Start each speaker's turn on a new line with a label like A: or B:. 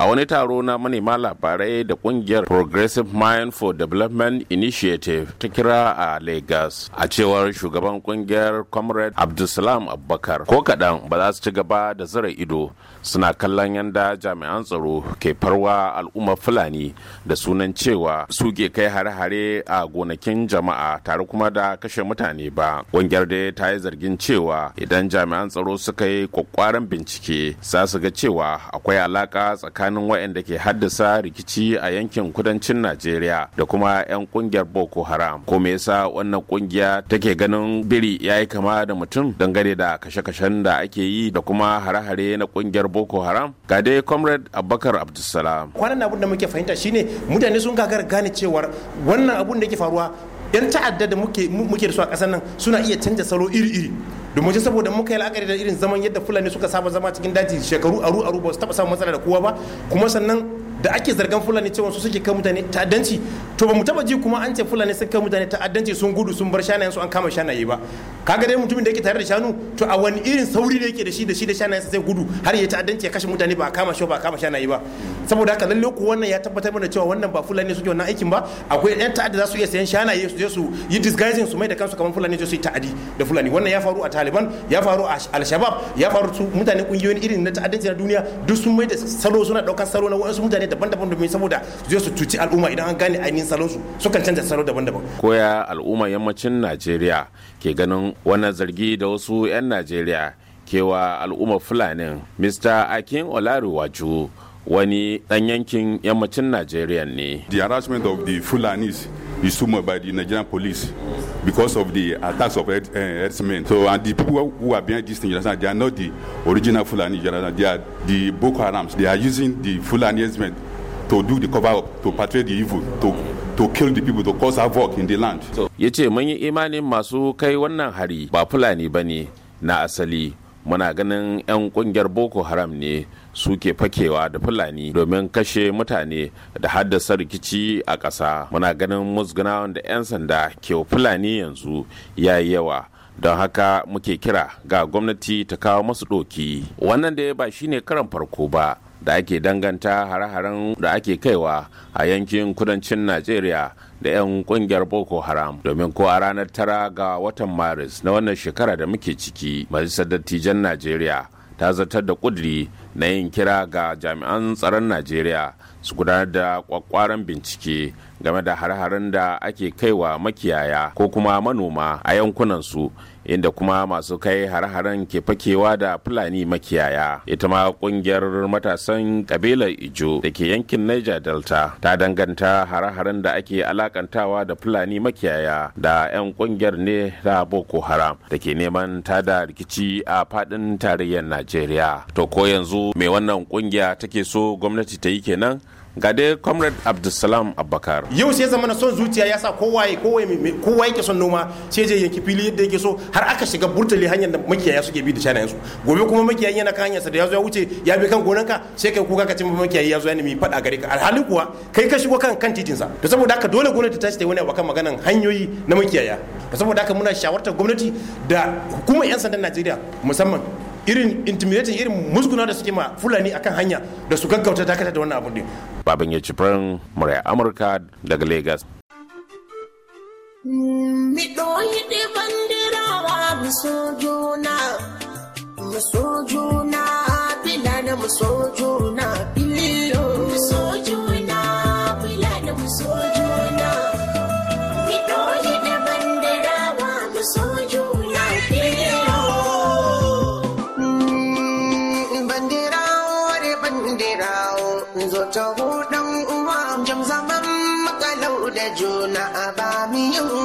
A: a wani taro na manema labarai da kungiyar progressive mind for development initiative ta kira a lagos a cewar shugaban kungiyar comrade abdulsalam abubakar ko kaɗan ba za su ci gaba da zira ido suna kallon yanda jami'an tsaro ke farwa al'ummar fulani da sunan cewa su ke kai hare-hare a gonakin jama'a tare kuma da kashe mutane ba kungiyar dai ta yi zargin cewa idan jami'an tsaro suka yi kwakwaran bincike za su ga cewa akwai alaka tsakanin tsakanin waɗanda ke haddasa rikici a yankin kudancin najeriya da kuma 'yan kungiyar boko haram ko me yasa wannan kungiya take ganin biri ya yi kama da mutum dangane da kashe-kashen da ake yi da kuma hare-hare na kungiyar boko haram ga dai comrade abubakar abdulsalam
B: kwanan abun da muke fahimta shine mutane sun gagara gane cewar wannan abun da yake faruwa yan ta'adda da muke da su a ƙasar nan suna iya canja salo iri-iri domin shi saboda muka yi la'akari da irin zaman yadda fulani suka saba zama cikin daji shekaru aru aru ba su taba samun matsala da kowa ba kuma sannan da ake zargan fulani cewa su suke kan mutane ta'addanci to ba mu taba ji kuma an ce fulani suka mutane ta'addanci sun gudu sun bar shanayen su an kama shanaye ba kaga dai mutumin da yake tare da shanu to a wani irin sauri da yake da shi da shi da shanayen sai gudu har ya ta'addanci ya kashe mutane ba a kama shi ba a kama shanaye ba saboda haka lalle ku wannan ya tabbatar mana cewa wannan ba fulani suke wannan aikin ba akwai yan ta'adda za su iya sayan shanaye su je su yi disguising su mai da kansu kamar fulani su yi ta'adi da fulani wannan ya faru a Taliban ya faru a al ya faru su mutane kungiyoyin irin na ta'addanci na duniya duk sun mai da salo suna daukar salo na wasu mutane daban-daban domin saboda su je su cuci al'umma idan an gane ainihin salonsu sukan canza salo daban-daban
A: koya al'umma yammacin najeriya ke ganin wani zargi da wasu 'yan najeriya kewa al'umma fulani mr akin olaruwaju wani dan yankin yammacin najeriya ne the harassment of the fulanis is too much by the nigerian police because of the attacks of herdsmen eh, so and the people who are behind this thing they are not the original fulani they are the boko harams they are using the fulani herdsmen to do the cover up to portray the evil to to kill the people to cause havoc in the land. Ya ce mun yi imanin masu kai wannan hari ba Fulani ba ne na asali. Muna ganin 'yan kungiyar Boko Haram ne suke fakewa da Fulani domin kashe mutane da haddasa rikici a ƙasa. Muna ganin musgunawan da 'yan sanda ke Fulani yanzu ya yi yawa. don haka muke kira ga gwamnati ta kawo masu ɗoki wannan da ya ba shine karan farko ba da ake danganta hare-haren da ake kaiwa a yankin kudancin najeriya da 'yan kungiyar boko haram domin ko a ranar tara ga watan maris na wannan shekara da muke ciki majalisar dattijan najeriya ta zartar da ƙudiri na yin kira ga jami'an tsaron najeriya su gudanar da kwakwaran bincike game da hare-haren da ake kaiwa makiyaya ko kuma manoma a yankunan su inda kuma masu kai har haren ke fakewa da fulani makiyaya ita ma kungiyar matasan kabilar ijo da ke yankin niger delta ta danganta har haren da ake alakantawa da fulani makiyaya da 'yan kungiyar ne da boko haram da ke neman tada rikici a fadin tarayyar najeriya to ko yanzu mai wannan kungiya take so gwamnati ta yi kenan ga dai comrade abdulsalam abbakar yau sai zamana
B: son zuciya ya sa kowa kowa yake son noma sai je yanki fili yadda yake so har aka shiga burtali hanyar da makiyaya suke bi da shanayen su gobe kuma makiyayi yana kan hanyarsa da ya zo ya wuce ya bi kan gonanka sai kai kuka ka ce makiyayi ya zo ya nemi faɗa gare ka alhalin kuwa kai ka shigo kan kan sa to saboda haka dole gwamnati ta ta wani abakan maganan hanyoyi na makiyaya to saboda haka muna shawartar gwamnati da hukumar 'yan sandan Najeriya musamman irin intimidating irin musguna da suke ma fulani akan hanya da su gaggauta dakatar da wannan abu din
A: baban ya jibrin murya amurka daga lagos
B: Miɗoyi ɗiban dirawa miso juna, miso zo ta hudan uwa jam zaman makalau da juna abami yau